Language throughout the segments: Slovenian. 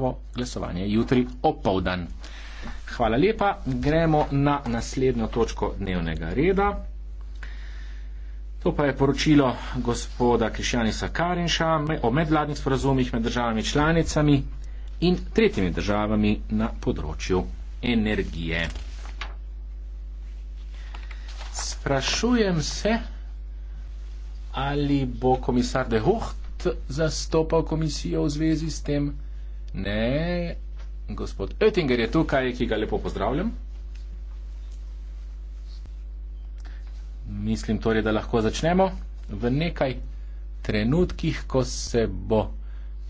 bo glasovanje jutri opoldan. Hvala lepa. Gremo na naslednjo točko dnevnega reda. To pa je poročilo gospoda Krišjanisa Karinša o medvladnih sporazumih med državami članicami in tretjimi državami na področju energije. Sprašujem se, ali bo komisar De Hoht zastopal komisijo v zvezi s tem. Ne, gospod Oettinger je tukaj, ki ga lepo pozdravljam. Mislim torej, da lahko začnemo v nekaj trenutkih, ko se bo,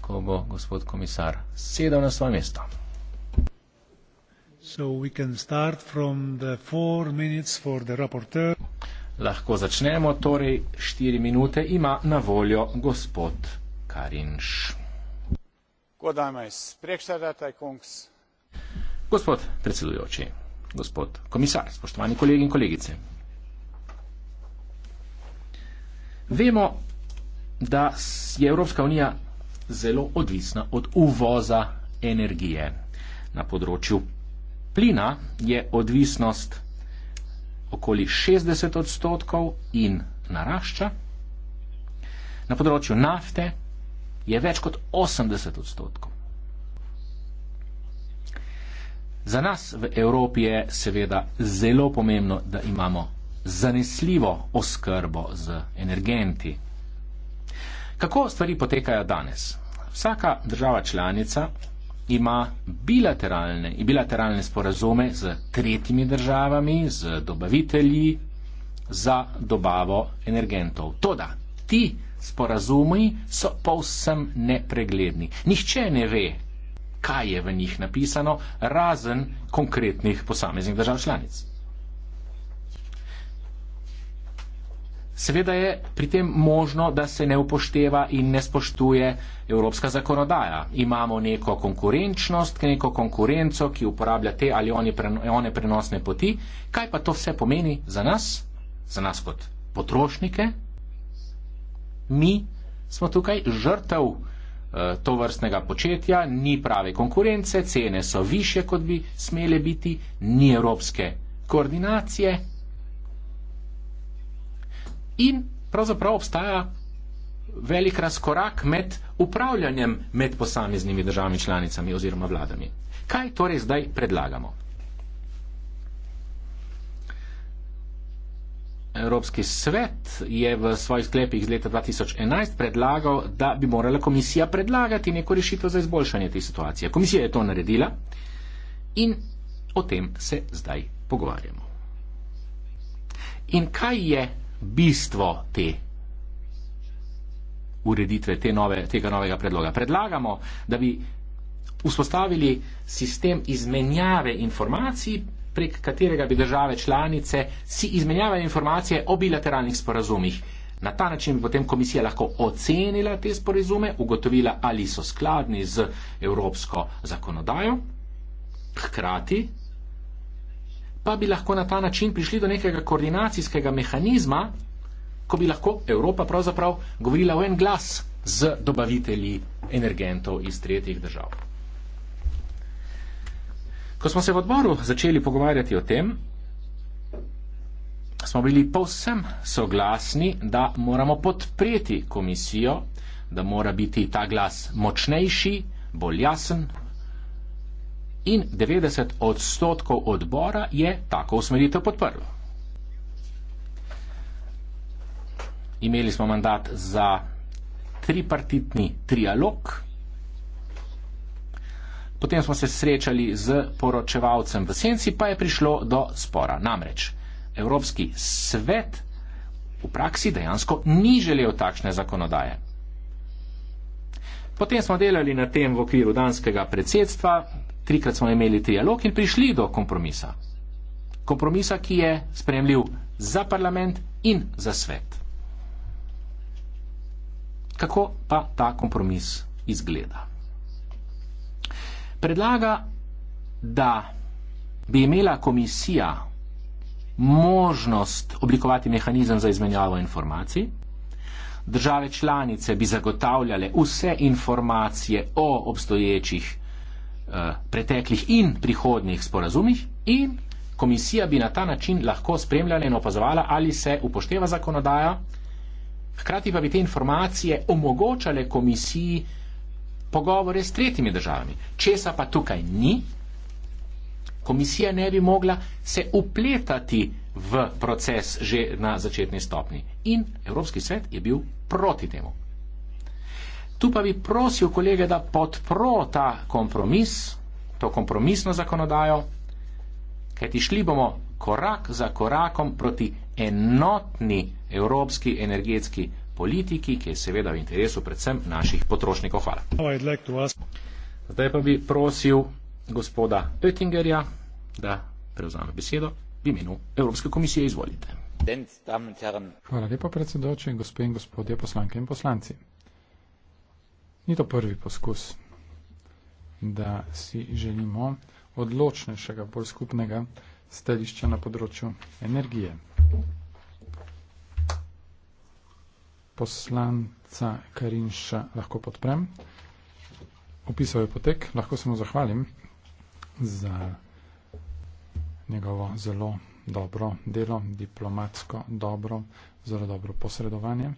ko bo gospod komisar sedel na svoje mesto. Lahko začnemo, torej štiri minute ima na voljo gospod Karinš. Gospod predsedujoči, gospod komisar, spoštovani kolegi in kolegice. Vemo, da je Evropska unija zelo odvisna od uvoza energije. Na področju plina je odvisnost okoli 60 odstotkov in narašča. Na področju nafte je več kot 80 odstotkov. Za nas v Evropi je seveda zelo pomembno, da imamo zanesljivo oskrbo z energenti. Kako stvari potekajo danes? Vsaka država članica ima bilateralne, bilateralne sporazume z tretjimi državami, z dobavitelji za dobavo energentov. Toda ti sporazumi so povsem nepregledni. Nihče ne ve, kaj je v njih napisano, razen konkretnih posameznih držav članic. Seveda je pri tem možno, da se ne upošteva in ne spoštuje evropska zakonodaja. Imamo neko konkurenčnost, neko konkurenco, ki uporablja te ali one prenosne poti. Kaj pa to vse pomeni za nas, za nas kot potrošnike, mi smo tukaj žrtev eh, to vrstnega početja, ni prave konkurence, cene so više, kot bi smele biti, ni evropske koordinacije. In pravzaprav obstaja velik razkorak med upravljanjem med posameznimi državami članicami oziroma vladami. Kaj torej zdaj predlagamo? Evropski svet je v svojih sklepih iz leta 2011 predlagal, da bi morala komisija predlagati neko rešitev za izboljšanje te situacije. Komisija je to naredila in o tem se zdaj pogovarjamo. In kaj je bistvo te ureditve, te nove, tega novega predloga? Predlagamo, da bi vzpostavili sistem izmenjave informacij prek katerega bi države članice si izmenjavale informacije o bilateralnih sporazumih. Na ta način bi potem komisija lahko ocenila te sporazume, ugotovila, ali so skladni z evropsko zakonodajo, hkrati pa bi lahko na ta način prišli do nekega koordinacijskega mehanizma, ko bi lahko Evropa pravzaprav govorila v en glas z dobavitelji energentov iz tretjih držav. Ko smo se v odboru začeli pogovarjati o tem, smo bili povsem soglasni, da moramo podpreti komisijo, da mora biti ta glas močnejši, bolj jasen in 90 odstotkov odbora je tako usmeritev podprlo. Imeli smo mandat za tripartitni trialog, Potem smo se srečali z poročevalcem v senci, pa je prišlo do spora. Namreč Evropski svet v praksi dejansko ni želel takšne zakonodaje. Potem smo delali na tem v okviru danskega predsedstva, trikrat smo imeli trialog in prišli do kompromisa. Kompromisa, ki je spremljiv za parlament in za svet. Kako pa ta kompromis izgleda? predlaga, da bi imela komisija možnost oblikovati mehanizem za izmenjavo informacij, države članice bi zagotavljale vse informacije o obstoječih eh, preteklih in prihodnih sporazumih in komisija bi na ta način lahko spremljala in opazovala, ali se upošteva zakonodaja, hkrati pa bi te informacije omogočale komisiji, pogovore s tretjimi državami. Česa pa tukaj ni, komisija ne bi mogla se upletati v proces že na začetni stopni. In Evropski svet je bil proti temu. Tu pa bi prosil kolege, da podpro ta kompromis, to kompromisno zakonodajo, kajti šli bomo korak za korakom proti enotni evropski energetski politiki, ki je seveda v interesu predvsem naših potrošnikov. Hvala. Zdaj pa bi prosil gospoda Oettingerja, da prevzame besedo v imenu Evropske komisije. Izvolite. Hvala lepa, predsedoče, gospe in gospodje poslanke in poslanci. Ni to prvi poskus, da si želimo odločnejšega, bolj skupnega stališča na področju energije poslanca Karinša lahko podprem. Opisal je potek, lahko se mu zahvalim za njegovo zelo dobro delo, diplomatsko dobro, zelo dobro posredovanje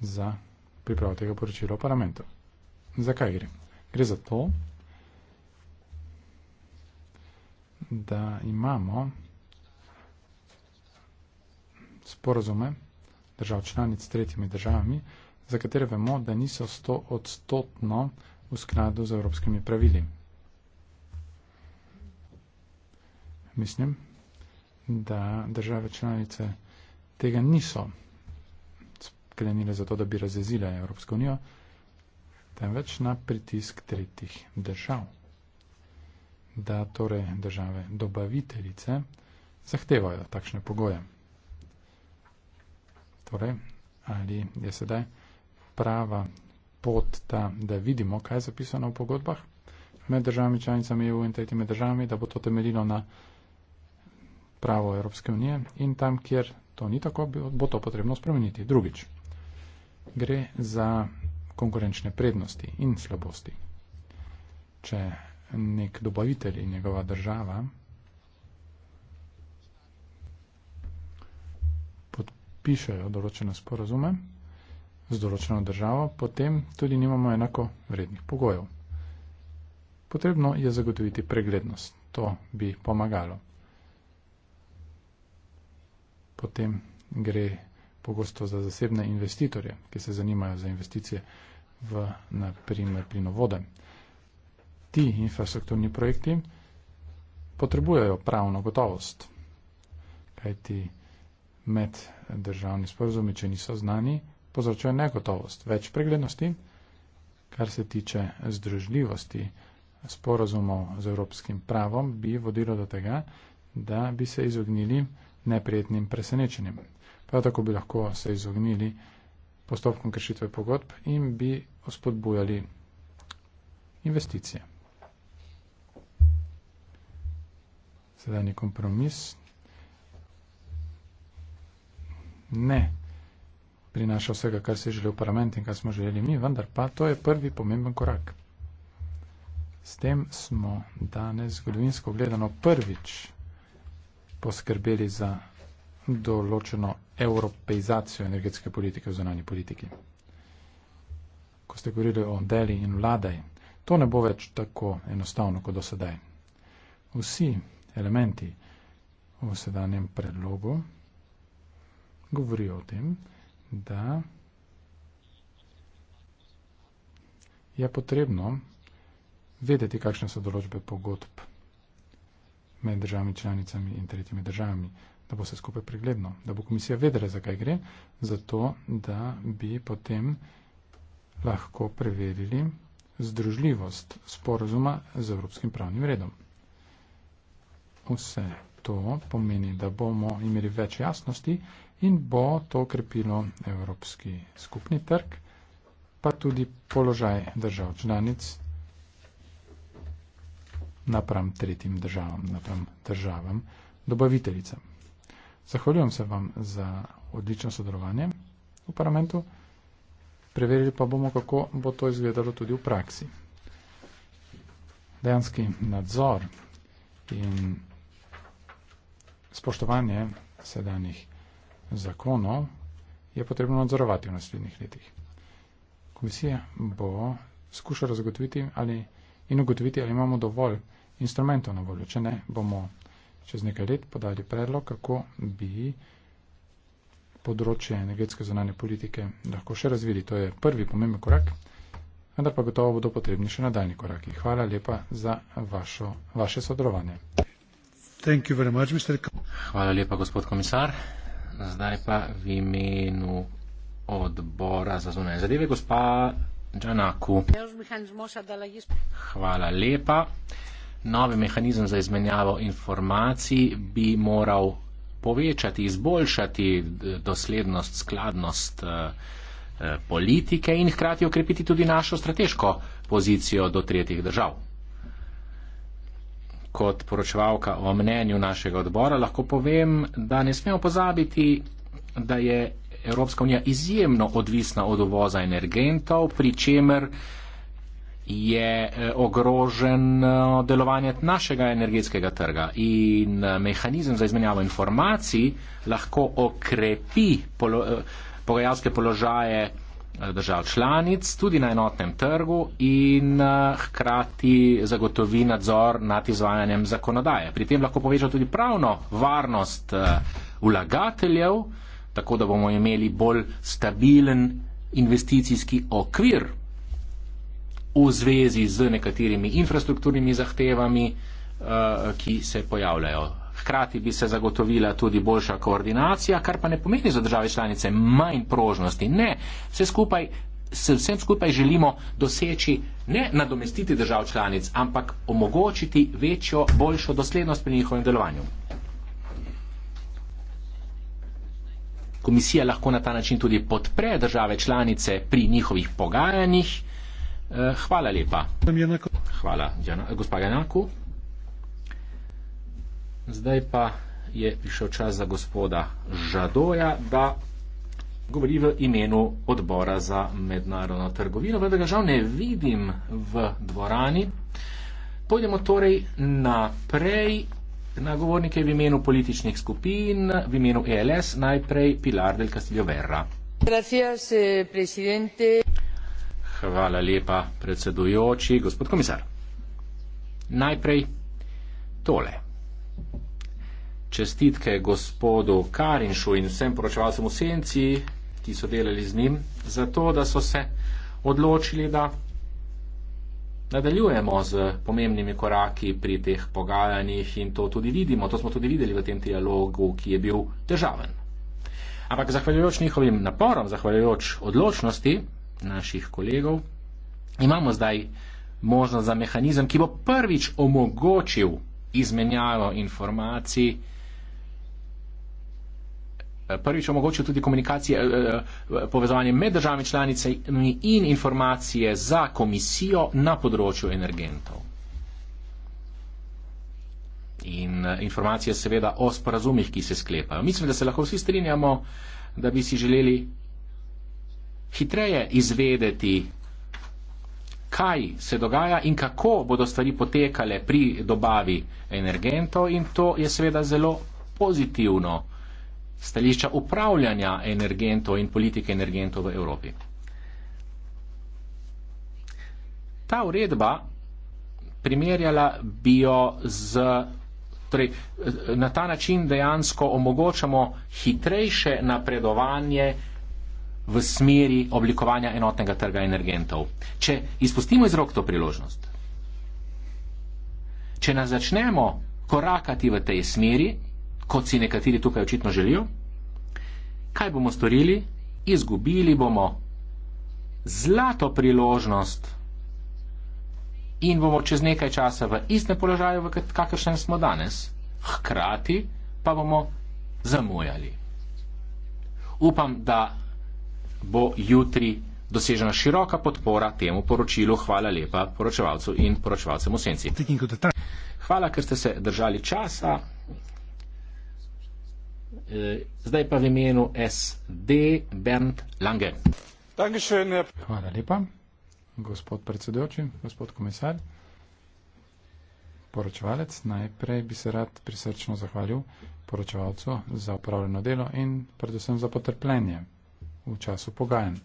za pripravo tega poročila v parlamentu. Zakaj gre? Gre za to, da imamo sporozume, držav članic s tretjimi državami, za katere vemo, da niso 100 odstotno v skladu z evropskimi pravili. Mislim, da države članice tega niso sklenile zato, da bi razjezile Evropsko unijo, temveč na pritisk tretjih držav. Da torej države dobaviteljice zahtevajo takšne pogoje torej, ali je sedaj prava pot ta, da vidimo, kaj je zapisano v pogodbah med državami članicami EU in tretjimi državami, da bo to temeljilo na pravo Evropske unije in tam, kjer to ni tako, bo to potrebno spremeniti. Drugič, gre za konkurenčne prednosti in slabosti. Če nek dobavitelj in njegova država podpišejo določene sporazume z določeno državo, potem tudi nimamo enako vrednih pogojev. Potrebno je zagotoviti preglednost. To bi pomagalo. Potem gre pogosto za zasebne investitorje, ki se zanimajo za investicije v, na primer, plinovode. Ti infrastrukturni projekti potrebujejo pravno gotovost, kajti med državni sporozumi, če niso znani, povzročajo negotovost, več preglednosti, kar se tiče združljivosti sporozumov z evropskim pravom, bi vodilo do tega, da bi se izognili neprijetnim presenečenjem. Prav tako bi lahko se izognili postopkom kršitve pogodb in bi ospodbujali investicije. Sedajni kompromis ne prinaša vsega, kar si želel parlament in kar smo želeli mi, vendar pa to je prvi pomemben korak. S tem smo danes zgodovinsko gledano prvič poskrbeli za določeno evropeizacijo energetske politike v zonanji politiki. Ko ste govorili o deli in vladaj, to ne bo več tako enostavno kot do sedaj. Vsi elementi v sedanjem predlogu govori o tem, da je potrebno vedeti, kakšne so določbe pogodb med državami članicami in tretjimi državami, da bo se skupaj pregledno, da bo komisija vedela, zakaj gre, zato da bi potem lahko preverili združljivost sporozuma z evropskim pravnim redom. Vse to pomeni, da bomo imeli več jasnosti, in bo to krepilo evropski skupni trg, pa tudi položaj držav članic napram tretjim državam, napram državam, dobaviteljicam. Zahvaljujem se vam za odlično sodelovanje v parlamentu, preverili pa bomo, kako bo to izgledalo tudi v praksi. Dejanski nadzor in spoštovanje sedanjih zakonov je potrebno nadzorovati v naslednjih letih. Komisija bo skušala zagotoviti ali, in ugotoviti, ali imamo dovolj instrumentov na voljo. Če ne, bomo čez nekaj let podali predlog, kako bi področje energetske zonalne politike lahko še razvili. To je prvi pomemben korak, vendar pa gotovo bodo potrebni še nadaljni koraki. Hvala lepa za vašo, vaše sodelovanje. Hvala lepa, gospod komisar zdaj pa v imenu odbora za zunanje zadeve, gospa Džanaku. Hvala lepa. Novi mehanizem za izmenjavo informacij bi moral povečati, izboljšati eh, doslednost, skladnost eh, eh, politike in hkrati okrepiti tudi našo strateško pozicijo do tretjih držav kot poročevalka o mnenju našega odbora, lahko povem, da ne smemo pozabiti, da je Evropska unija izjemno odvisna od uvoza energentov, pri čemer je eh, ogroženo delovanje našega energetskega trga in eh, mehanizem za izmenjavo informacij lahko okrepi polo, eh, pogajalske položaje držav članic, tudi na enotnem trgu in eh, hkrati zagotovi nadzor nad izvajanjem zakonodaje. Pri tem lahko poveča tudi pravno varnost eh, vlagateljev, tako da bomo imeli bolj stabilen investicijski okvir v zvezi z nekaterimi infrastrukturnimi zahtevami, eh, ki se pojavljajo hkrati bi se zagotovila tudi boljša koordinacija, kar pa ne pomeni za države članice manj prožnosti. Ne, vse skupaj, vsem skupaj želimo doseči ne nadomestiti držav članic, ampak omogočiti večjo, boljšo doslednost pri njihovem delovanju. Komisija lahko na ta način tudi podpre države članice pri njihovih pogajanjih. Eh, hvala lepa. Hvala, gospod Janaku. Zdaj pa je prišel čas za gospoda Žadoja, da govori v imenu odbora za mednarodno trgovino, vendar ga žal ne vidim v dvorani. Pojdemo torej naprej na govornike v imenu političnih skupin, v imenu ELS, najprej Pilar del Castillo Verra. Gracias, eh, presidente. Hvala lepa, predsedujoči, gospod komisar. Najprej tole čestitke gospodu Karinšu in vsem poročevalcem v senci, ki so delali z njim, za to, da so se odločili, da nadaljujemo z pomembnimi koraki pri teh pogajanjih in to tudi vidimo. To smo tudi videli v tem dialogu, ki je bil težaven. Ampak zahvaljujoč njihovim naporom, zahvaljujoč odločnosti naših kolegov, imamo zdaj možnost za mehanizem, ki bo prvič omogočil izmenjavo informacij Eh, prvič omogočil tudi komunikacije, eh, eh, povezovanje med državami članicami in informacije za komisijo na področju energentov. In informacije seveda o sporazumih, ki se sklepajo. Mislim, da se lahko vsi strinjamo, da bi si želeli hitreje izvedeti, kaj se dogaja in kako bodo stvari potekale pri dobavi energentov in to je seveda zelo pozitivno stališča upravljanja energentov in politike energentov v Evropi. Ta uredba primerjala bio z. Torej, na ta način dejansko omogočamo hitrejše napredovanje v smeri oblikovanja enotnega trga energentov. Če izpustimo iz rok to priložnost, če nas začnemo korakati v tej smeri, kot si nekateri tukaj očitno želijo. Kaj bomo storili? Izgubili bomo zlato priložnost in bomo čez nekaj časa v istem položaju, v kakršnem smo danes. Hkrati pa bomo zamujali. Upam, da bo jutri dosežena široka podpora temu poročilu. Hvala lepa poročevalcu in poročevalcem v senci. Hvala, ker ste se držali časa. Eh, zdaj pa v imenu SD Bernd Lange. Hvala lepa, gospod predsedujoči, gospod komisar, poročevalec. Najprej bi se rad prisrčno zahvalil poročevalcu za upravljeno delo in predvsem za potrpljenje v času pogajanj.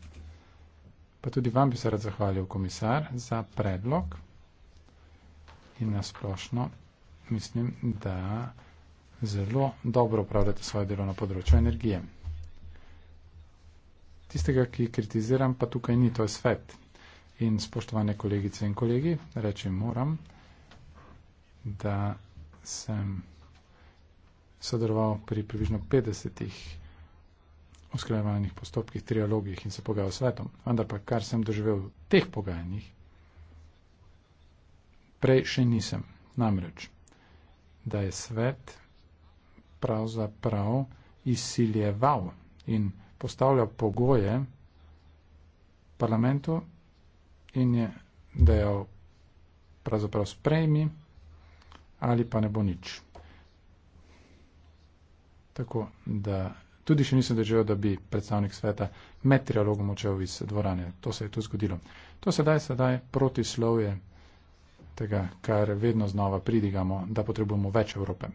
Pa tudi vam bi se rad zahvalil, komisar, za predlog in nasplošno mislim, da zelo dobro upravljate svoje delo na področju energije. Tistega, ki kritiziram, pa tukaj ni, to je svet. In spoštovane kolegice in kolegi, reči moram, da sem sodeloval pri približno 50 usklajevalnih postopkih, trialogih in se pogajal s svetom. Vendar pa, kar sem doživel v teh pogajanjih, prej še nisem. Namreč, da je svet pravzaprav izsiljeval in postavljal pogoje parlamentu in je dejal pravzaprav sprejmi ali pa ne bo nič. Tako da tudi še nisem držal, da bi predstavnik sveta med trialogom očel iz dvorane. To se je tu zgodilo. To sedaj sedaj protislovje tega, kar vedno znova pridigamo, da potrebujemo več Evrope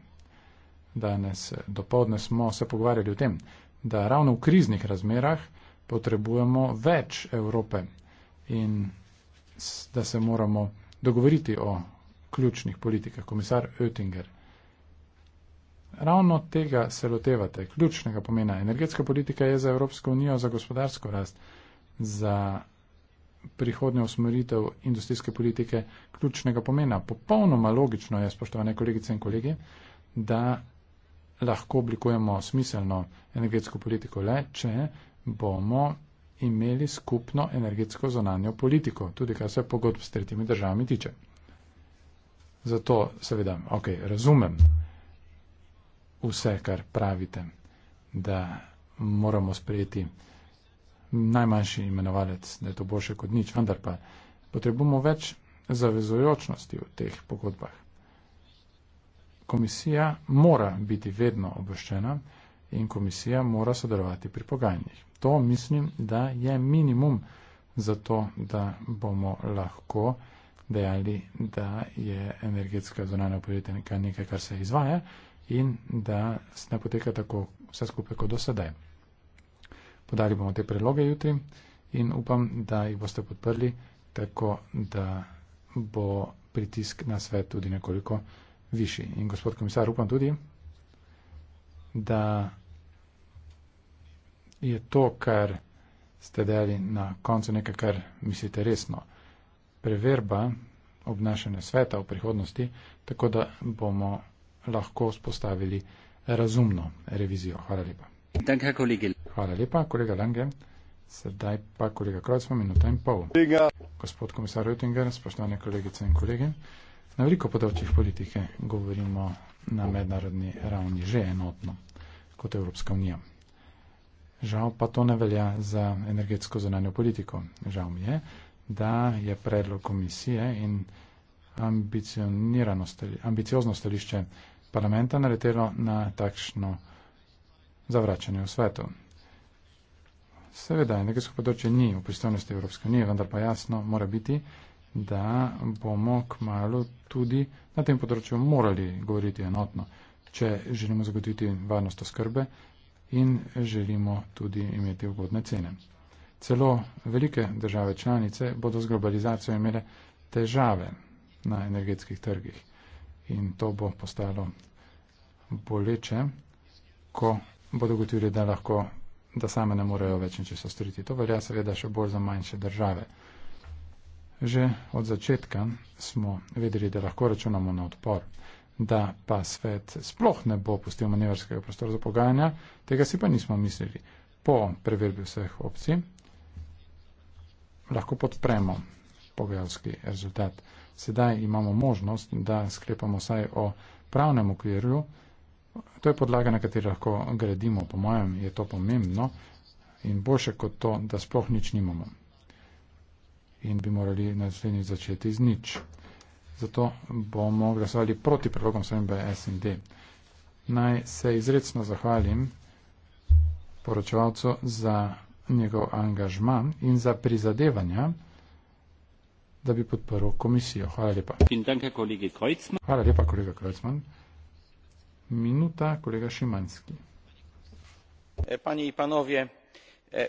danes eh, dopoledne smo se pogovarjali o tem, da ravno v kriznih razmerah potrebujemo več Evrope in da se moramo dogovoriti o ključnih politikah. Komisar Oettinger, ravno tega se lotevate, ključnega pomena. Energetska politika je za Evropsko unijo, za gospodarsko rast, za prihodnjo usmeritev industrijske politike ključnega pomena. Popolnoma logično je, spoštovane kolegice in kolegi, da lahko oblikujemo smiselno energetsko politiko le, če bomo imeli skupno energetsko zonanjo politiko, tudi kar se pogodb s tretjimi državami tiče. Zato seveda, ok, razumem vse, kar pravite, da moramo sprejeti najmanjši imenovalec, da je to boljše kot nič, vendar pa potrebujemo več zavezojočnosti v teh pogodbah. Komisija mora biti vedno obveščena in komisija mora sodelovati pri pogajanjih. To mislim, da je minimum za to, da bomo lahko dejali, da je energetska zonalna politika nekaj, kar se izvaja in da se ne poteka tako vse skupaj kot do sedaj. Podali bomo te predloge jutri in upam, da jih boste podprli, tako da bo pritisk na svet tudi nekoliko višji. In gospod komisar, upam tudi, da je to, kar ste dali na koncu nekaj, kar mislite resno. Preverba obnašanja sveta v prihodnosti, tako da bomo lahko spostavili razumno revizijo. Hvala lepa. Danke, kolegi. Hvala lepa, kolega Lange. Sedaj pa kolega Krojc, imamo minuto in pol. Gospod komisar Rötinger, spoštovane kolegice in kolegi. Na veliko področjih politike govorimo na mednarodni ravni že enotno kot Evropska unija. Žal pa to ne velja za energetsko zunanjo politiko. Žal mi je, da je predlog komisije in ambiciozno stališče parlamenta naletelo na takšno zavračanje v svetu. Seveda, energetsko področje ni v pristojnosti Evropske unije, vendar pa jasno mora biti, da bomo k malu tudi na tem področju morali govoriti enotno, če želimo zagotoviti varnost oskrbe in želimo tudi imeti ugodne cene. Celo velike države članice bodo z globalizacijo imele težave na energetskih trgih in to bo postalo boleče, ko bodo gotovili, da lahko, da same ne morejo več ničesar storiti. To velja seveda še bolj za manjše države. Že od začetka smo vedeli, da lahko računamo na odpor, da pa svet sploh ne bo pustil manevrskega prostora za pogajanja, tega si pa nismo mislili. Po preverbi vseh opcij lahko podpremo pogajalski rezultat. Sedaj imamo možnost, da sklepamo saj o pravnem okvirju. To je podlaga, na kateri lahko gradimo. Po mojem je to pomembno in boljše kot to, da sploh nič nimamo in bi morali naslednji začeti z nič. Zato bomo glasovali proti predlogom svojega SND. Naj se izredno zahvalim poročevalcu za njegov angažman in za prizadevanja, da bi podporil komisijo. Hvala lepa. Hvala lepa, kolega Kreutzmann. Minuta, kolega Šimanski. E, e,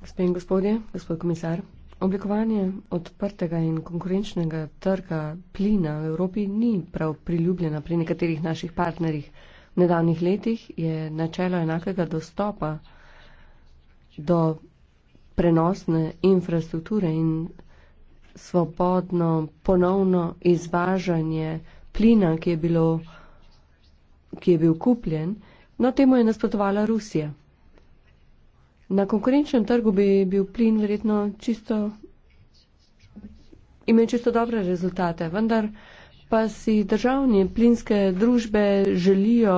Gospe in gospodje, gospod komisar. Oblikovanje odprtega in konkurenčnega trga plina v Evropi ni prav priljubljena pri nekaterih naših partnerjih. V nedavnih letih je načelo enakega dostopa do prenosne infrastrukture in svobodno ponovno izvažanje plina, ki je, bilo, ki je bil kupljen, no temu je nasprotovala Rusija. Na konkurenčnem trgu bi bil plin verjetno čisto, imel čisto dobre rezultate, vendar pa si državne plinske družbe želijo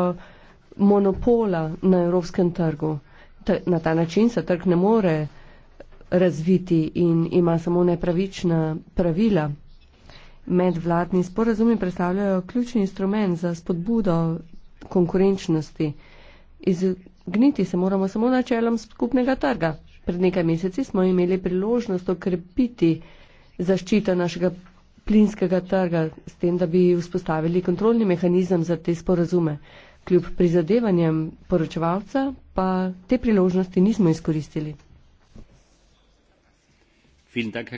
monopola na evropskem trgu. Na ta način se trg ne more razviti in ima samo nepravična pravila. Medvladni sporazumi predstavljajo ključni instrument za spodbudo konkurenčnosti. Iz Gniti se moramo samo načelom skupnega trga. Pred nekaj meseci smo imeli priložnost okrepiti zaščito našega plinskega trga s tem, da bi vzpostavili kontrolni mehanizem za te sporazume. Kljub prizadevanjem poročevalca pa te priložnosti nismo izkoristili. Dank,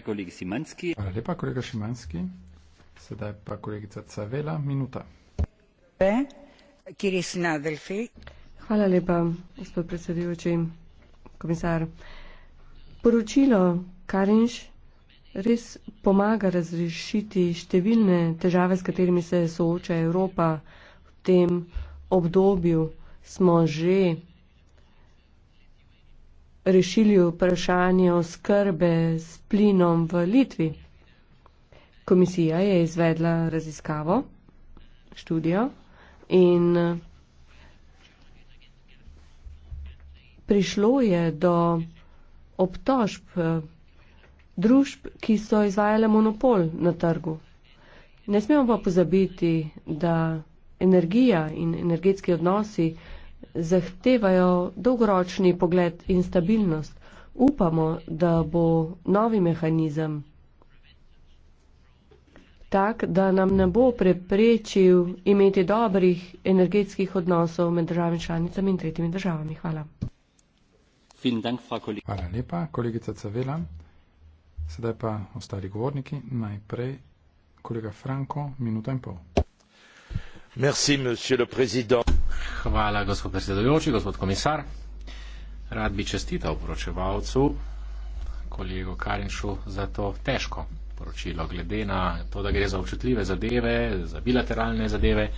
Hvala lepa, kolega Šimanski. Sedaj pa kolegica Cavela, minuta. Be, Hvala lepa, gospod predsedujoči, komisar. Poročilo Karinš res pomaga razrešiti številne težave, s katerimi se sooča Evropa v tem obdobju. Smo že rešili vprašanje oskrbe s plinom v Litvi. Komisija je izvedla raziskavo, študijo in prišlo je do obtožb eh, družb, ki so izvajale monopol na trgu. Ne smemo pa pozabiti, da energija in energetski odnosi zahtevajo dolgoročni pogled in stabilnost. Upamo, da bo novi mehanizem tak, da nam ne bo preprečil imeti dobrih energetskih odnosov med državami članicami in tretjimi državami. Hvala. Hvala lepa, kolegica Cavela. Sedaj pa ostali govorniki. Najprej kolega Franko, minuta in pol. Merci, Hvala, gospod predsedujoči, gospod komisar. Rad bi čestital poročevalcu, kolego Karinšu, za to težko poročilo, glede na to, da gre za občutljive zadeve, za bilateralne zadeve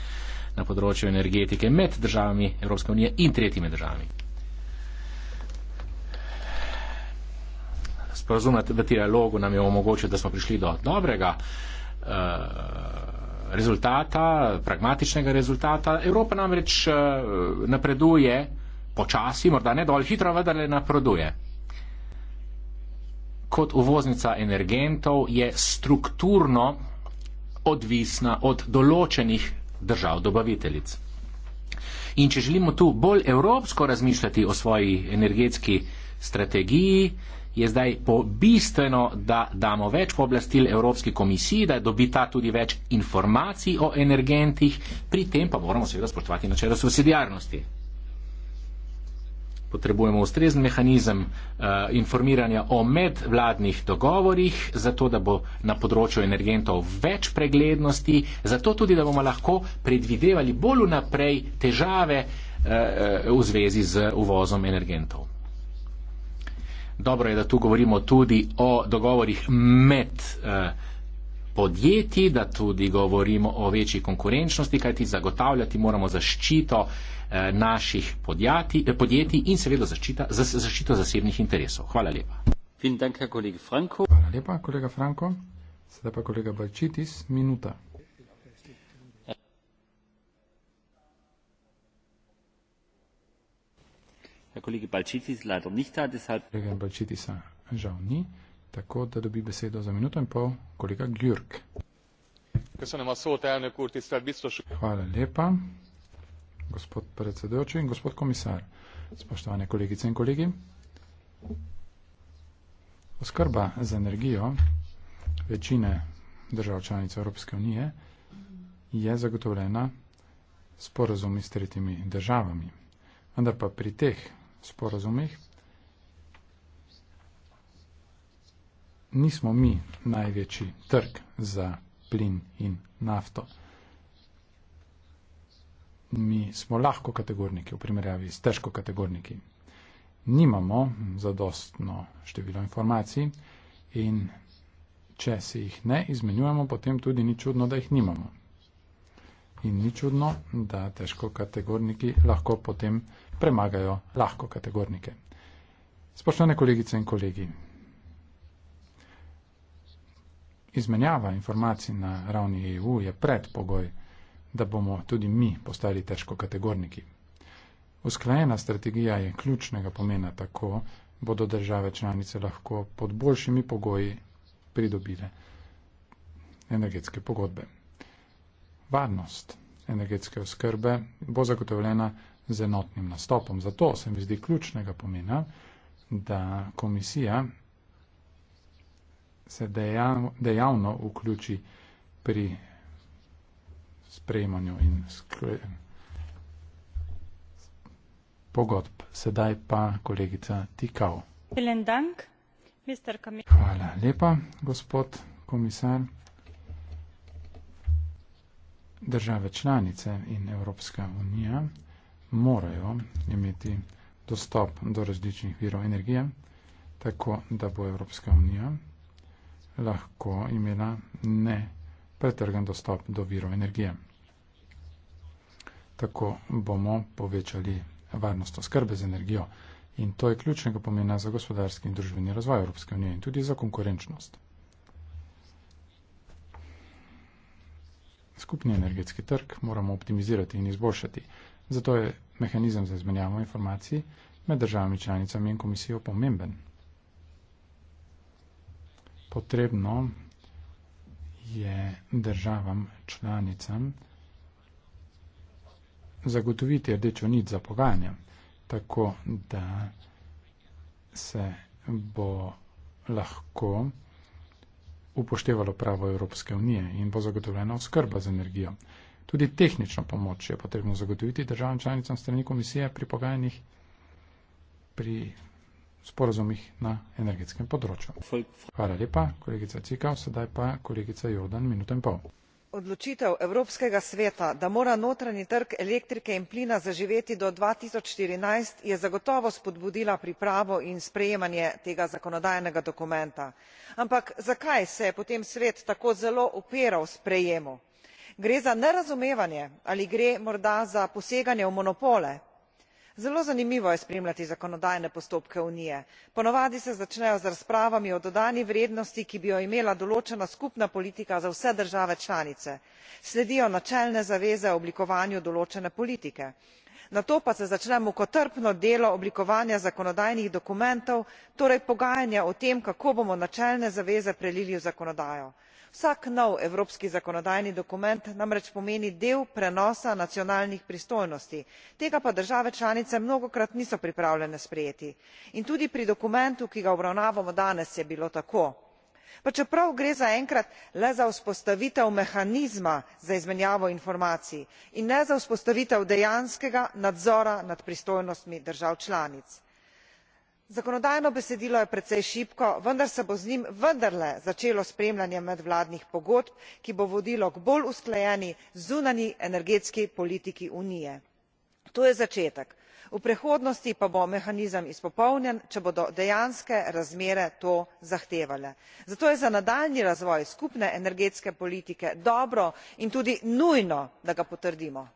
na področju energetike med državami Evropske unije in tretjimi državami. sporazum v dialogu nam je omogočil, da smo prišli do dobrega eh, rezultata, pragmatičnega rezultata. Evropa namreč eh, napreduje počasi, morda ne dovolj hitro, vendar le napreduje. Kot uvoznica energentov je strukturno odvisna od določenih držav dobaviteljic. In če želimo tu bolj evropsko razmišljati o svoji energetski strategiji, je zdaj po bistveno, da damo več pooblastil Evropski komisiji, da dobi ta tudi več informacij o energentih, pri tem pa moramo seveda spoštovati načelo subsidijarnosti. Potrebujemo ustrezen mehanizem uh, informiranja o medvladnih dogovorih, zato da bo na področju energentov več preglednosti, zato tudi, da bomo lahko predvidevali bolj naprej težave uh, v zvezi z uvozom energentov dobro je, da tu govorimo tudi o dogovorih med eh, podjetji, da tudi govorimo o večji konkurenčnosti, kajti zagotavljati moramo zaščito eh, naših podjetij in seveda zaščita, zaščito zasebnih interesov. Hvala lepa. Hvala lepa, kolega Franko. Sedaj pa kolega Balčitis, minuta. Ja, kolegi Balčitis leider nicht da, deshalb. Kolega Balčitisa žal ni, tako da dobi besedo za minuto in pol kolega Gjurk. Hvala lepa, gospod predsedujoči in gospod komisar. Spoštovane kolegice in kolegi, oskrba z energijo večine držav članic Evropske unije je zagotovljena sporazumi s tretjimi državami. Vendar pa pri teh sporazumih. Nismo mi največji trg za plin in nafto. Mi smo lahko kategorniki v primerjavi s težko kategorniki. Nimamo zadostno število informacij in če se jih ne izmenjujemo, potem tudi ni čudno, da jih nimamo. In ni čudno, da težko kategorniki lahko potem premagajo lahko kategornike. Spoštovane kolegice in kolegi, izmenjava informacij na ravni EU je predpogoj, da bomo tudi mi postali težko kategorniki. Usklajena strategija je ključnega pomena, tako bodo države članice lahko pod boljšimi pogoji pridobile energetske pogodbe. Varnost energetske oskrbe bo zagotovljena z enotnim nastopom. Zato se mi zdi ključnega pomena, da komisija se dejavno vključi pri sprejemanju in pogodb. Sedaj pa kolegica Tikau. Hvala lepa, gospod komisar. Države članice in Evropska unija morajo imeti dostop do različnih virov energije, tako da bo Evropska unija lahko imela ne pretrgan dostop do virov energije. Tako bomo povečali varnost oskrbe z energijo in to je ključnega pomena za gospodarski in družbeni razvoj Evropske unije in tudi za konkurenčnost. Skupni energetski trg moramo optimizirati in izboljšati. Zato je mehanizem za izmenjavo informacij med državami članicami in komisijo pomemben. Potrebno je državam članicam zagotoviti rdečo nit za pogajanja, tako da se bo lahko upoštevalo pravo Evropske unije in bo zagotovljena oskrba z energijo. Tudi tehnično pomoč je potrebno zagotoviti državam članicam strani komisije pri pogajanjih, pri sporozumih na energetskem področju. Hvala lepa, kolegica Cikav, sedaj pa kolegica Jordan, minuten pol. Odločitev Evropskega sveta, da mora notranji trg elektrike in plina zaživeti do 2014, je zagotovo spodbudila pripravo in sprejemanje tega zakonodajnega dokumenta. Ampak zakaj se je potem svet tako zelo upiral sprejemu? gre za nerazumevanje ali gre morda za poseganje v monopole zelo zanimivo je spremljati zakonodajne postopke unije ponavadi se začnejo z razpravami o dodani vrednosti ki bi jo imela določena skupna politika za vse države članice sledijo načelne zaveze o oblikovanju določene politike nato pa se začne mukotrpno delo oblikovanja zakonodajnih dokumentov torej pogajanja o tem kako bomo načelne zaveze prelili v zakonodajo. vsak nov evropski zakonodajni dokument namreč pomeni del prenosa nacionalnih pristojnosti tega pa države članice mnogokrat niso pripravljene sprejeti. in tudi pri dokumentu ki ga obravnavamo danes je bilo tako pa čeprav gre zaenkrat le za vzpostavitev mehanizma za izmenjavo informacij in ne za vzpostavitev dejanskega nadzora nad pristojnostmi držav članic. zakonodajno besedilo je precej šibko vendar se bo z njim vendarle začelo spremljanje medvladnih pogodb ki bo vodilo k bolj usklajeni zunanji energetski politiki unije. to je začetek v prihodnosti pa bo mehanizem izpopolnjen če bodo dejanske razmere to zahtevale zato je za nadaljnji razvoj skupne energetske politike dobro in tudi nujno da ga potrdimo.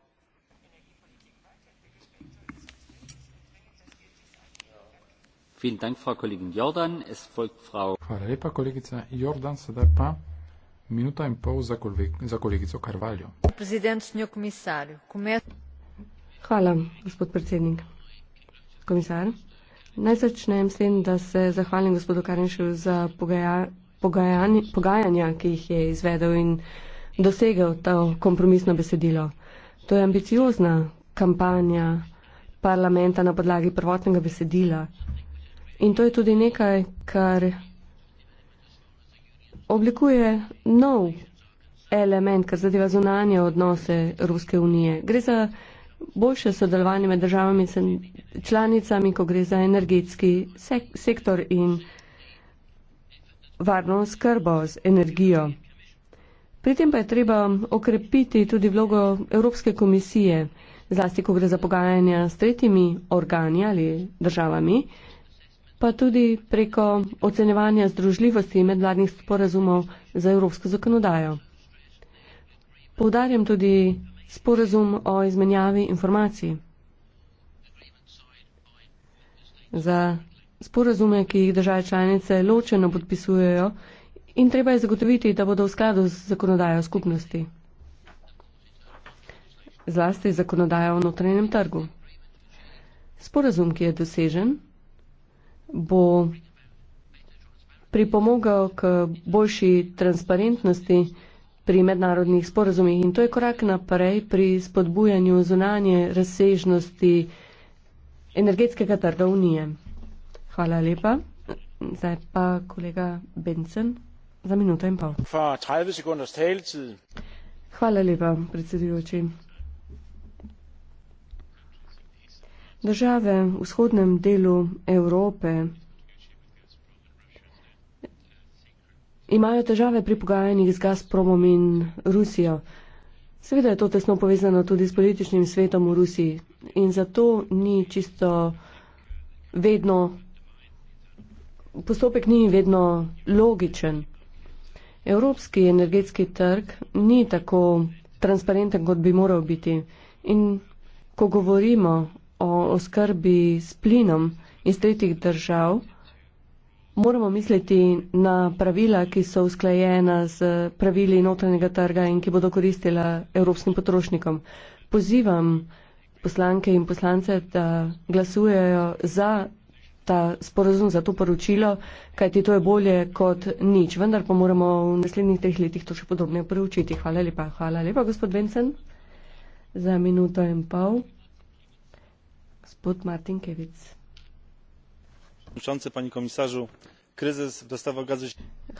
Hvala, gospod predsednik. Komisar, naj začnem s tem, da se zahvalim gospodu Karinšu za pogaja, pogajanja, ki jih je izvedel in dosegel to kompromisno besedilo. To je ambiciozna kampanja parlamenta na podlagi prvotnega besedila. In to je tudi nekaj, kar oblikuje nov element, kar zadeva zunanje odnose Ruske unije. Gre za boljše sodelovanje med državami in članicami, ko gre za energetski sek sektor in varno skrbo z energijo. Pri tem pa je treba okrepiti tudi vlogo Evropske komisije, zlasti ko gre za pogajanja s tretjimi organi ali državami, pa tudi preko ocenjevanja združljivosti medvladnih sporazumov za evropsko zakonodajo. Povdarjam tudi sporazum o izmenjavi informacij. Za sporazume, ki jih države članice ločeno podpisujejo in treba je zagotoviti, da bodo v skladu z zakonodajo skupnosti. Zlasti zakonodajo o notranjem trgu. Sporazum, ki je dosežen, bo pripomogal k boljši transparentnosti pri mednarodnih sporazumih in to je korak naprej pri spodbujanju zunanje razsežnosti energetskega trga unije. Hvala lepa. Zdaj pa kolega Bencen za minuto in pol. Hvala lepa, predsedujoči. Države v vzhodnem delu Evrope imajo težave pri pogajanjih z Gazpromom in Rusijo. Seveda je to tesno povezano tudi s političnim svetom v Rusiji in zato ni čisto vedno, postopek ni vedno logičen. Evropski energetski trg ni tako transparenten, kot bi moral biti. In ko govorimo o oskrbi s plinom iz tretjih držav, moramo misliti na pravila, ki so usklajena z pravili notranjega trga in ki bodo koristila evropskim potrošnikom. Pozivam poslanke in poslance, da glasujejo za ta sporozum, za to poročilo, kajti to je bolje kot nič. Vendar pa moramo v naslednjih treh letih to še podobno preučiti. Hvala lepa. Hvala lepa, gospod Vencen, za minuto in pol. Gospod Martin Kevic.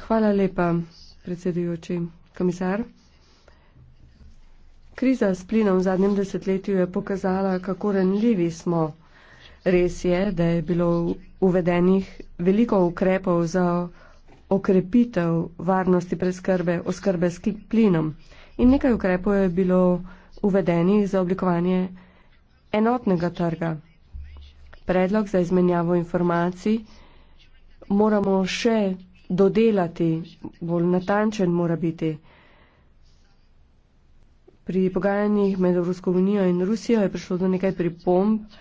Hvala lepa, predsedujoči. Komisar. Kriza s plinom v zadnjem desetletju je pokazala, kako renljivi smo. Res je, da je bilo uvedenih veliko ukrepov za okrepitev varnosti preskrbe, oskrbe s plinom. In nekaj ukrepov je bilo uvedenih za oblikovanje enotnega trga predlog za izmenjavo informacij moramo še dodelati, bolj natančen mora biti. Pri pogajanjih med Evropsko unijo in Rusijo je prišlo do nekaj pripomb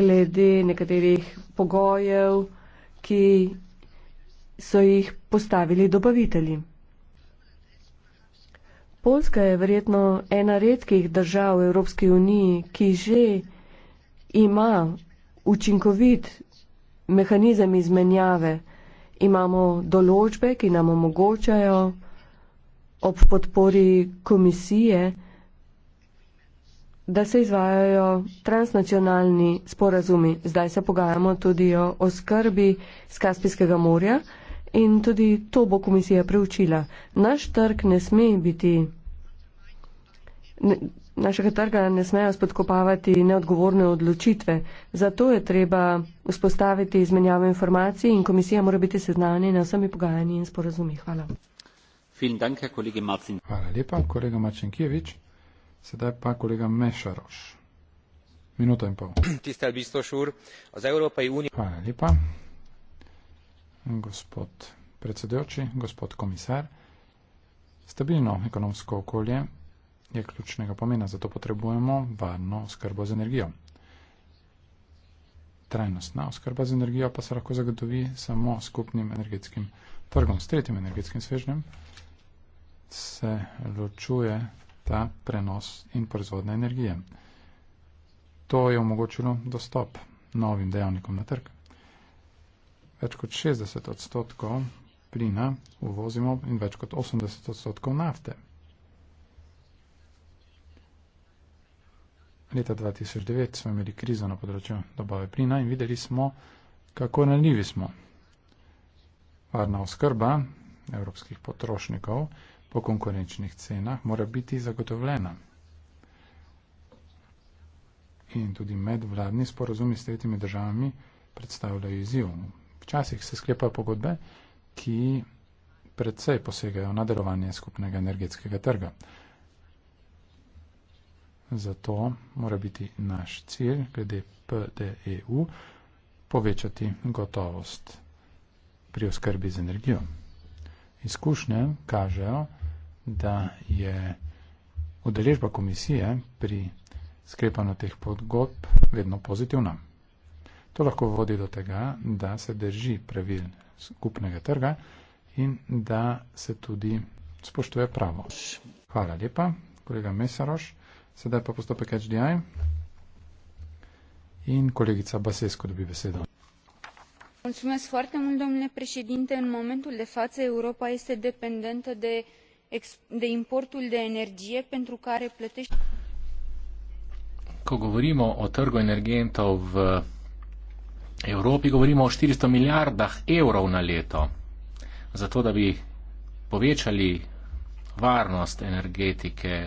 glede nekaterih pogojev, ki so jih postavili dobavitelji. Polska je verjetno ena redkih držav v Evropski uniji, ki že ima učinkovit mehanizem izmenjave. Imamo določbe, ki nam omogočajo ob podpori komisije, da se izvajajo transnacionalni sporazumi. Zdaj se pogajamo tudi o oskrbi z Kaspijskega morja in tudi to bo komisija preučila. Naš trg ne sme biti. Ne, našega trga ne smejo spodkopavati neodgovorne odločitve. Zato je treba vzpostaviti izmenjavo informacij in komisija mora biti seznanjena vsemi pogajanji in sporazumi. Hvala. Dank, Hvala lepa, kolega Mačenkijevič. Sedaj pa kolega Mešaroš. Minuto in pol. Tiste, ali bi sto šur, za Evropa in Unijo. Hvala lepa. Gospod predsedujoči, gospod komisar. Stabilno ekonomsko okolje je ključnega pomena, zato potrebujemo varno oskrbo z energijo. Trajnostna oskrba z energijo pa se lahko zagotovi samo skupnim energetskim trgom. S tretjim energetskim svežnjem se ločuje ta prenos in proizvodna energije. To je omogočilo dostop novim dejavnikom na trg. Več kot 60 odstotkov plina uvozimo in več kot 80 odstotkov nafte. leta 2009 smo imeli krizo na področju dobave plina in videli smo, kako naljivi smo. Varna oskrba evropskih potrošnikov po konkurenčnih cenah mora biti zagotovljena. In tudi medvladni sporozumi s tretjimi državami predstavljajo izziv. Včasih se sklepajo pogodbe, ki predvsej posegajo na delovanje skupnega energetskega trga. Zato mora biti naš cilj glede PDEU povečati gotovost pri oskrbi z energijo. Izkušnje kažejo, da je udeležba komisije pri sklepanju teh podgob vedno pozitivna. To lahko vodi do tega, da se drži pravil skupnega trga in da se tudi spoštuje pravo. Hvala lepa, kolega Mesaroš. Sedaj pa postopek HDI. In colegița Basescu dobi besedă. Mulțumesc foarte mult, domnule președinte. În momentul de față, Europa este dependentă de, ex- de importul de energie pentru care plătește. Ko govorimo o trgu energentov v Evropi, govorimo o 400 milijardah evrov na leto. Zato, da bi povečali varnost energetike,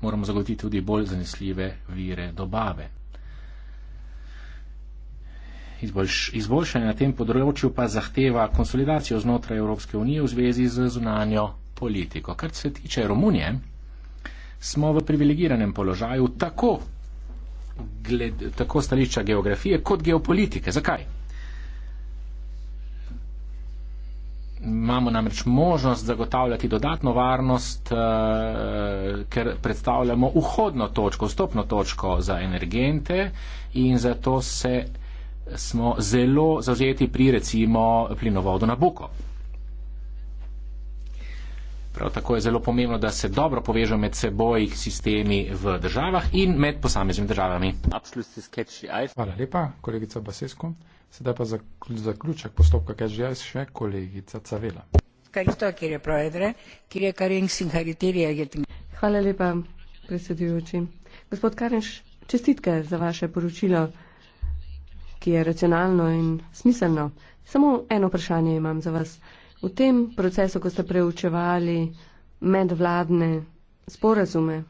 moramo zagotoviti tudi bolj zanesljive vire dobave. Izboljšanje na tem področju pa zahteva konsolidacijo znotraj Evropske unije v zvezi z zunanjo politiko. Kar se tiče Romunije, smo v privilegiranem položaju tako, gled, tako stališča geografije kot geopolitike. Zakaj? Imamo namreč možnost zagotavljati dodatno varnost, eh, ker predstavljamo vhodno točko, vstopno točko za energente in zato se, smo zelo zavzeti pri recimo plinovodu na Buko. Prav tako je zelo pomembno, da se dobro povežejo med seboj sistemi v državah in med posameznimi državami. Hvala lepa, kolegica Basesko. Sedaj pa zaključek postopka, ker že jaz še kolegica Cavela. Hvala lepa, predsedujoči. Gospod Karenš, čestitke za vaše poročilo, ki je racionalno in smiselno. Samo eno vprašanje imam za vas v tem procesu, ko ste preučevali medvladne sporazume?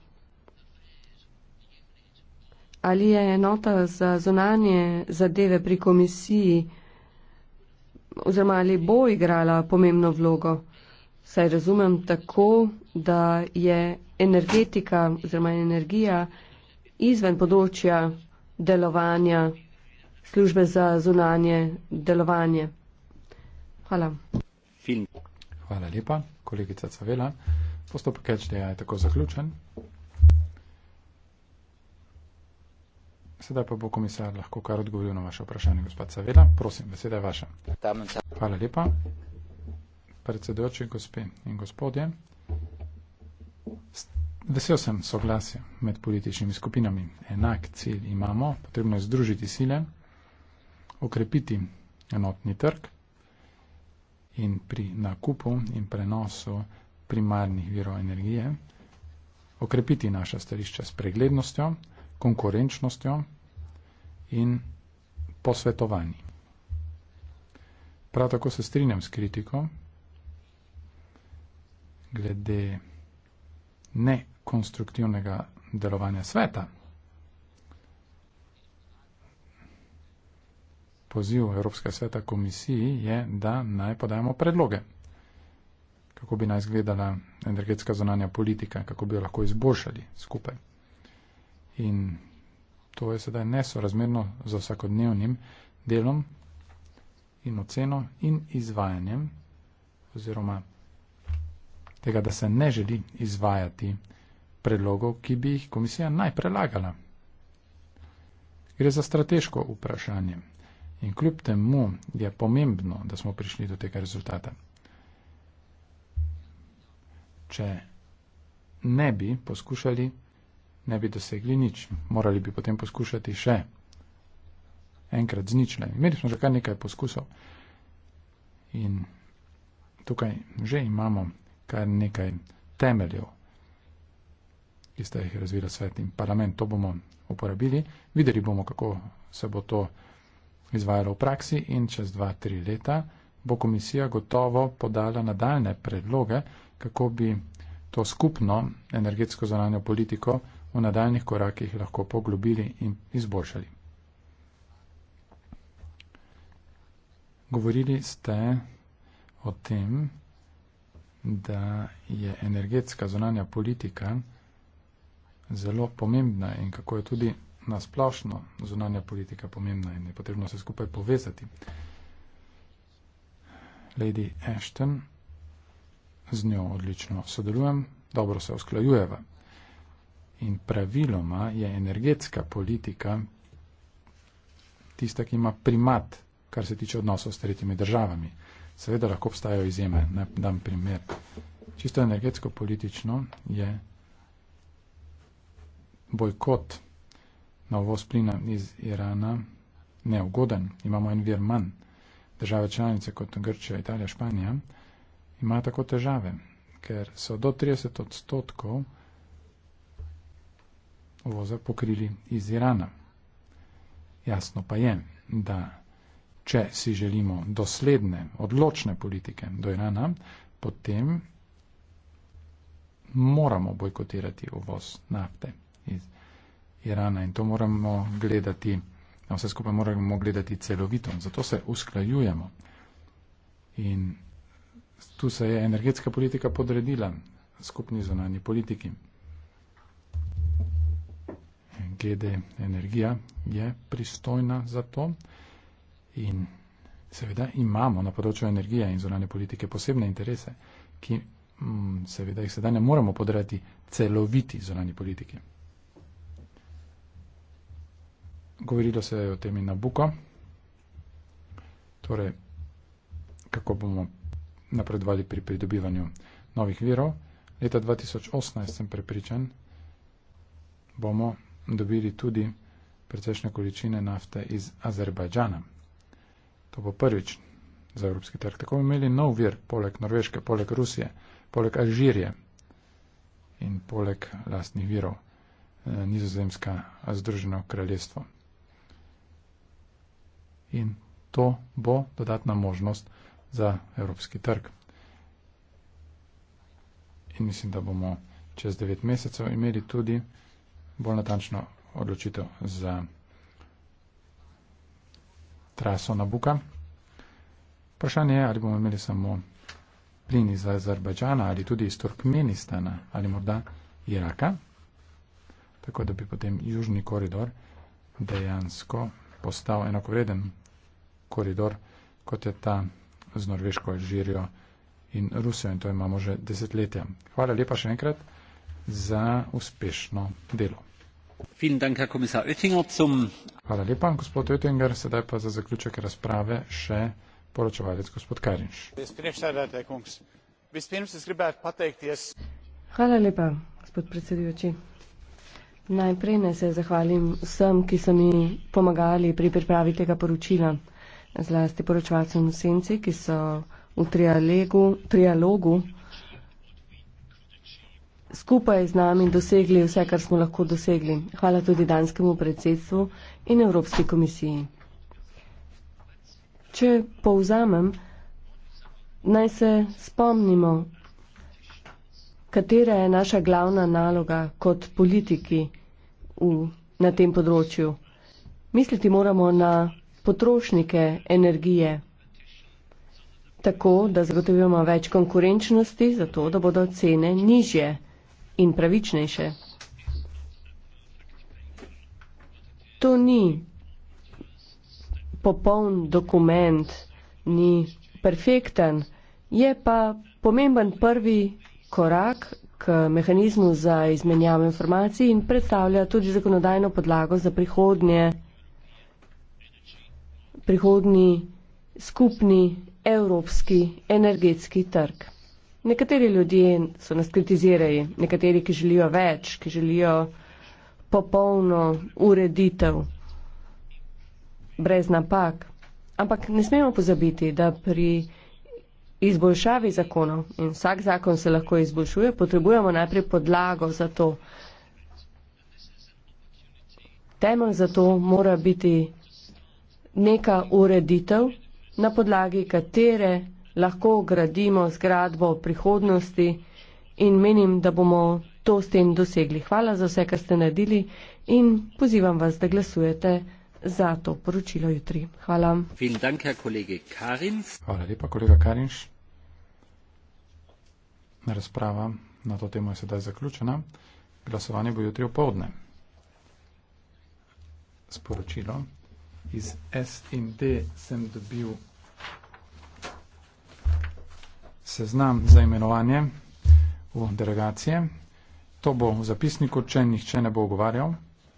Ali je enota za zunanje zadeve pri komisiji oziroma ali bo igrala pomembno vlogo? Saj razumem tako, da je energetika oziroma energija izven področja delovanja službe za zunanje delovanje. Hvala film. Hvala lepa, kolegica Cavela. Postopek HDA je tako zaključen. Sedaj pa bo komisar lahko kar odgovoril na vaše vprašanje, gospod Cavela. Prosim, beseda je vaša. Hvala lepa. Predsedujoči, gospe in gospodje. Vesel sem soglasja med političnimi skupinami. Enak cilj imamo, potrebno je združiti sile, okrepiti enotni trg in pri nakupu in prenosu primarnih virov energije, okrepiti naša stališča s preglednostjo, konkurenčnostjo in posvetovanji. Prav tako se strinjam s kritiko glede nekonstruktivnega delovanja sveta. poziv Evropskega sveta komisiji je, da naj podajamo predloge, kako bi naj izgledala energetska zonanja politika, kako bi jo lahko izboljšali skupaj. In to je sedaj nesorazmerno z vsakodnevnim delom in oceno in izvajanjem oziroma tega, da se ne želi izvajati predlogov, ki bi jih komisija naj prelagala. Gre za strateško vprašanje. In kljub temu je pomembno, da smo prišli do tega rezultata. Če ne bi poskušali, ne bi dosegli nič. Morali bi potem poskušati še enkrat z ničlem. Imeli smo že kar nekaj poskusov in tukaj že imamo kar nekaj temeljev, ki sta jih razvila svet in parlament. To bomo uporabili. Videli bomo, kako se bo to razvilo izvajalo v praksi in čez 2-3 leta bo komisija gotovo podala nadaljne predloge, kako bi to skupno energetsko zonanjo politiko v nadaljnih korakih lahko poglobili in izboljšali. Govorili ste o tem, da je energetska zonanja politika zelo pomembna in kako je tudi na splošno zunanja politika pomembna in je potrebno se skupaj povezati. Lady Ashton, z njo odlično sodelujem, dobro se usklajujeva. In praviloma je energetska politika tista, ki ima primat, kar se tiče odnosov s tretjimi državami. Seveda lahko obstajajo izjeme, ne dam primer. Čisto energetsko-politično je bojkot novost plina iz Irana neugoden, imamo en vir manj. Države članice kot Grčija, Italija, Španija imajo tako težave, ker so do 30 odstotkov uvoza pokrili iz Irana. Jasno pa je, da če si želimo dosledne, odločne politike do Irana, potem moramo bojkotirati uvoz nafte. Irana in to moramo gledati, na vse skupaj moramo gledati celovito. Zato se usklajujemo. In tu se je energetska politika podredila skupni zunanji politiki. Glede energija je pristojna za to in seveda imamo na področju energije in zunanje politike posebne interese, ki m, mm, seveda jih sedaj ne moremo podrediti celoviti zunanji politiki govorilo se je o temi Nabuko, torej kako bomo napredovali pri pridobivanju novih virov. Leta 2018 sem prepričan, bomo dobili tudi precejšnje količine nafte iz Azerbajdžana. To bo prvič za evropski trg. Tako bomo imeli nov vir, poleg Norveške, poleg Rusije, poleg Alžirije in poleg lastnih virov eh, nizozemska združeno kraljestvo in to bo dodatna možnost za evropski trg. In mislim, da bomo čez 9 mesecev imeli tudi bolj natančno odločitev za traso Nabuka. Vprašanje je, ali bomo imeli samo plin iz Azerbajdžana ali tudi iz Turkmenistana ali morda Iraka, tako da bi potem južni koridor dejansko postal enakovreden koridor, kot je ta z Norveško, Alžirijo in Rusijo. In to imamo že desetletja. Hvala lepa še enkrat za uspešno delo. Hvala lepa, gospod Oettinger. Sedaj pa za zaključek razprave še poročevalec gospod Karinš. Hvala lepa, gospod predsedujoči. Najprej ne se zahvalim vsem, ki so mi pomagali pri pripravi tega poročila zlasti poročevalcem v senci, ki so v trialogu skupaj z nami dosegli vse, kar smo lahko dosegli. Hvala tudi danskemu predsedstvu in Evropski komisiji. Če povzamem, naj se spomnimo, katera je naša glavna naloga kot politiki v, na tem področju. Misliti moramo na potrošnike energije, tako da zagotovimo več konkurenčnosti, zato da bodo cene nižje in pravičnejše. To ni popoln dokument, ni perfekten, je pa pomemben prvi korak k mehanizmu za izmenjavo informacij in predstavlja tudi zakonodajno podlago za prihodnje prihodni skupni evropski energetski trg. Nekateri ljudje so nas kritizirali, nekateri, ki želijo več, ki želijo popolno ureditev brez napak. Ampak ne smemo pozabiti, da pri izboljšavi zakonov in vsak zakon se lahko izboljšuje, potrebujemo najprej podlago za to. Temelj za to mora biti neka ureditev, na podlagi katere lahko gradimo zgradbo prihodnosti in menim, da bomo to s tem dosegli. Hvala za vse, kar ste naredili in pozivam vas, da glasujete za to poročilo jutri. Hvala. Dank, Herr Hvala lepa, kolega Karinš. Razprava na to temo je sedaj zaključena. Glasovanje bo jutri v povdne. Sporočilo iz S in D sem dobil seznam za imenovanje v delegacije. To bo v zapisniku, če nihče ne bo ogovarjal.